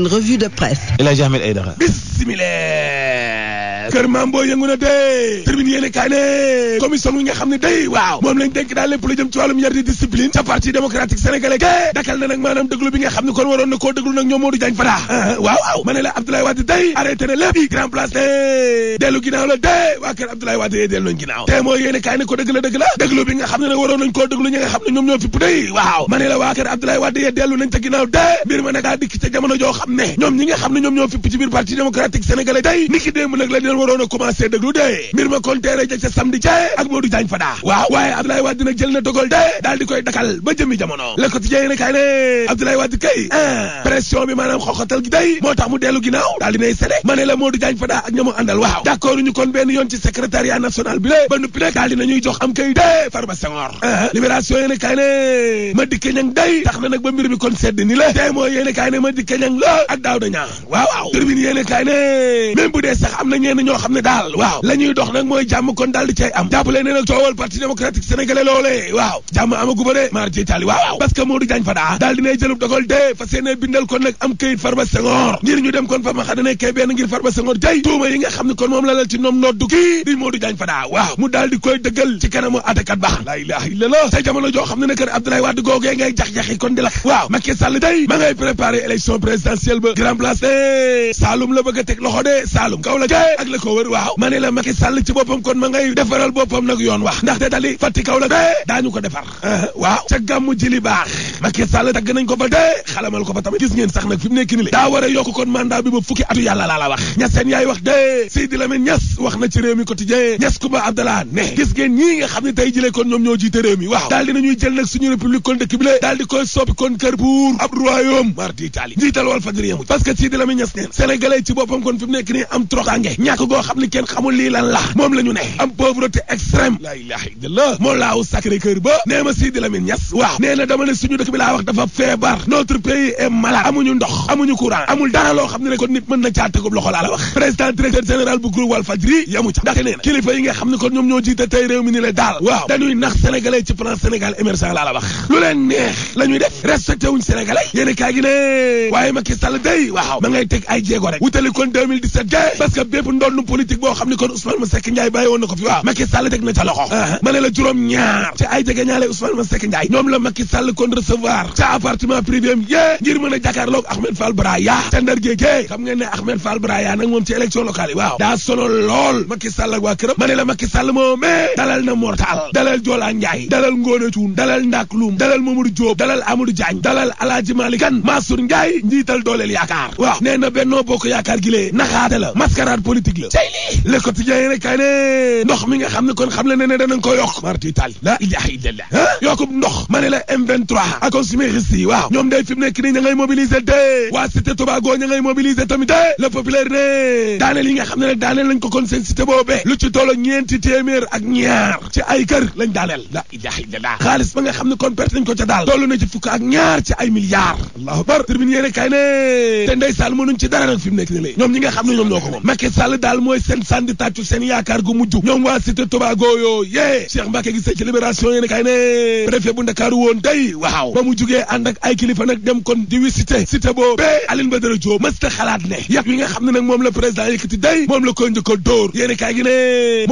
Une revue de presse. El Hadji Ahmed Aydara. Bismillah. kër maam boo yëngu na dee tribune yéene kaay ne commission bi nga xam ne day waaw moom lañ dénk daal lépp lu jëm ci wàllum yar di discipline ca parti démocratique sénégalais ke dakal na nag maanaam déglu bi nga xam ne kon waroon na koo déglu nag ñoom Modou Diagne Fada ah, ah, waaw waaw ma ne la Abdoulaye Wade day arrêté na lépp i grand place de dellu ginnaaw la dee waa kër Abdoulaye Wade yee dellu nañ ginnaaw te mooy yéene kaay ne ko dëgg la dëgg la déglu bi nga xam ne nag nañ koo déglu ñi nga xam ne ñoo fipp day waaw ma ne la waa kër Abdoulaye Wade yee dellu nañ ca ginnaaw dee mbir ma nag dikk ca jamono joo xam ne ñi nga xam ne ñoo fipp ci biir parti démocratique sénégalais day niki démb nag la waroon a commencé déglu dee mbir ma kon teere ja ca samedi ca ak Modou Diagne Fada waaw waaye Abdoulaye Wade nag jël na dogal dee daal koy dakal ba jëmi jamono Le Quotidien ne kay ah, ne ah, a ne ma dikke ñang day tax na nag ba mbir bi kon sedd ni la tey mooy yéene ne ma dikke ñang la ak daaw dañaa waaw waaw tribune yéene kay ne même bu dee sax am na ñeen ñoo xam ne daal waaw la ñuy dox nag mooy jàmm kon daal di cay am jàppale ne nag coowal parti démocratique sénégalais loolee waaw jàmm amagu ba de maar ci waaw parce que Modou Diagne Fada daal dinay jëlub dogal de fas yéene bindal kon nag am këyit Farba Senghor ngir ñu dem kon fa ma xam ne kay benn ngir jay tuuma yi nga xam ne kon moom la ci noom noddu kii di Modou Diagne Fada waaw mu daal di koy dëggal ci kanamu atekat bax la la ko wër waaw ma ne la Macky Sall ci boppam kon ko defar waaw ca gàmmu ji ko fa na ci réew mi quotidien Niass Kumba Abdallah jël nag suñu république kon dëkk bi le daal di koy soppi kon kër buur ab royaume mar d'Italie njiital Walfadjri yamuj parce que Seydi Lamine Niass neen ci boppam kon fi mu nekk ni am trop tànge ñàkk goo xam ne kenn xamul lii lan la moom la ñu ne am pauvreté extrême la ilaha illallah moo laaw sacré cœur ba nee ma Sidi Lamine Niass waaw nee na dama ne suñu dëkk bi laa wax dafa feebar notre pays est malade amuñu ndox amuñu courant xam ne kon nit mën na caa tegub loxo waaw dañuy nax sénégalais ci plan Sénégal émergent laa lu leen neex la ñuy def respecté wuñ sénégalais yéen kaay gi waaye Macky Sall day waaw ma ngay teg ay jéego rek wutali kon 2017 parce que bépp ndol fànnu politique bo xamni kon Ousmane Seck Ndiaye bàyyi woon na fi wa Macky Sall tek na ci loxo ah. mané la juróom ñaar ci ay jege ñaalé Ousmane Seck Ndiaye ñom la Macky Sall kon recevoir ci appartement privé am ngir mëna Dakar lok Ahmed Fall Braya tender Ndar xam ngeen ne Ahmed Fall Braya nak mom ci élection locale waaw da solo lol Macky Sall ak wa kërëm mané la Macky Sall mé dalal na Mortal dalal Joola Ndiaye dalal Ngone Thioune dalal Ndak dalal Mamadou Diop dalal Amadou Diagne dalal Aladji Malick kan Massour Ndiaye njiital dooleel yaakaar waaw né na Benno Bokk Yaakaar gi lee naxaate la mascarade politique la tey lii le mi nga xam ne kon xam le ne ne danañ ko yokk marti taal ma ne la M23 ak consuméristes yi waaw ñoom day yi nga xam ne nag ko kon seen cité boobee lu ci tolloo ñeenti ñaar ci ay kër la ilaha illallah xaalis ba nga xam ne kon perte ko ca daal toll na allahu akbar termine yéen kay ne te ndeysaan mënuñ dara nag fi mu ñoom ñi nga xam ne ñoom ñoo ko moom Macky Sall daal mooy seen sànni tàccu seen yaakaar gu mujj ñoom waa cité di visité cité boobu Aline Badara Diop mësta xalaat ne yàq yi nga xam moom la président yëkkati day moom la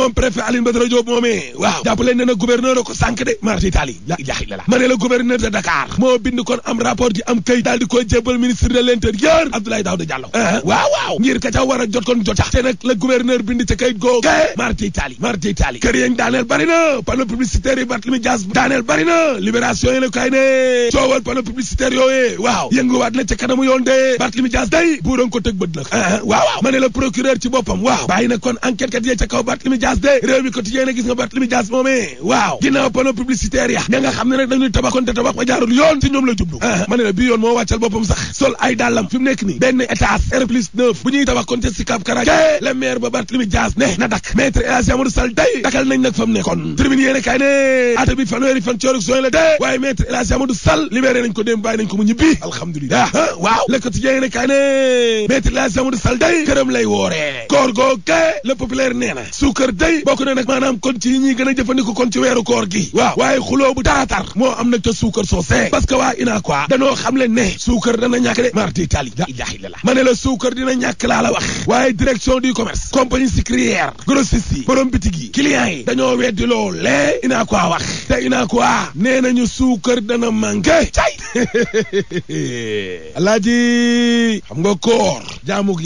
a waaw jàpp leen ne a de marti Italie la kon am rapport di am kayit daal di koy jébbal ministre de l'intérieur Abdoulaye Daouda Diallo waaw waaw ngir ka ca a jot kon jotax te nag la gouverneur bind ca kayit googu mardi Italie mardi Italie kër yéen daaneel bari na panneau publicitaire yi Barthélémy Dias daaneel bari na libération yi ne kay ne coowal panneau publicitaire yooyee waaw yënguwaat na ca yoon de Barthélémy Dias day bu ko tëg bët nag ah, ah, waaw waaw ma ne la procureur ci boppam waaw bàyyi na kon enquête kat yee ca kaw Barthélémy Dias de réew mi quotidien na gis nga Barthélémy ya ña nga xam ne rek dañuy tabax te tabax ba jaarul yoon ci ñoom la jublu ah, ma ne maire ba Barthélémy Dias ne na dak maître El Hadji Amadou Sall day dakal nañ nag fa mu nekkoon tribune yéene kaay ne ata bi fanweeri fan coorug sooy la dee waaye maître El Hadji Amadou Sall ko démb bàyyi nañ ko day këram lay wooree koor googe Le Populaire nee na suukar day bokk na nag maanaam kon ci yi ñuy gën a kon ci weeru koor gi waaw waaye xuloo bu taatar moo am nag ca suukar soosé parce que waa ina quoi danoo xam leen ne suukar dana ñàkk laa la wax waaye direction du commerce compagnie sucrière grossiste yi borom bitig yi clients yi dañoo weddi loolee inaa ko wax te inaa ko nee nañu suukar dana manqué cay alaaji xam nga koor jaamug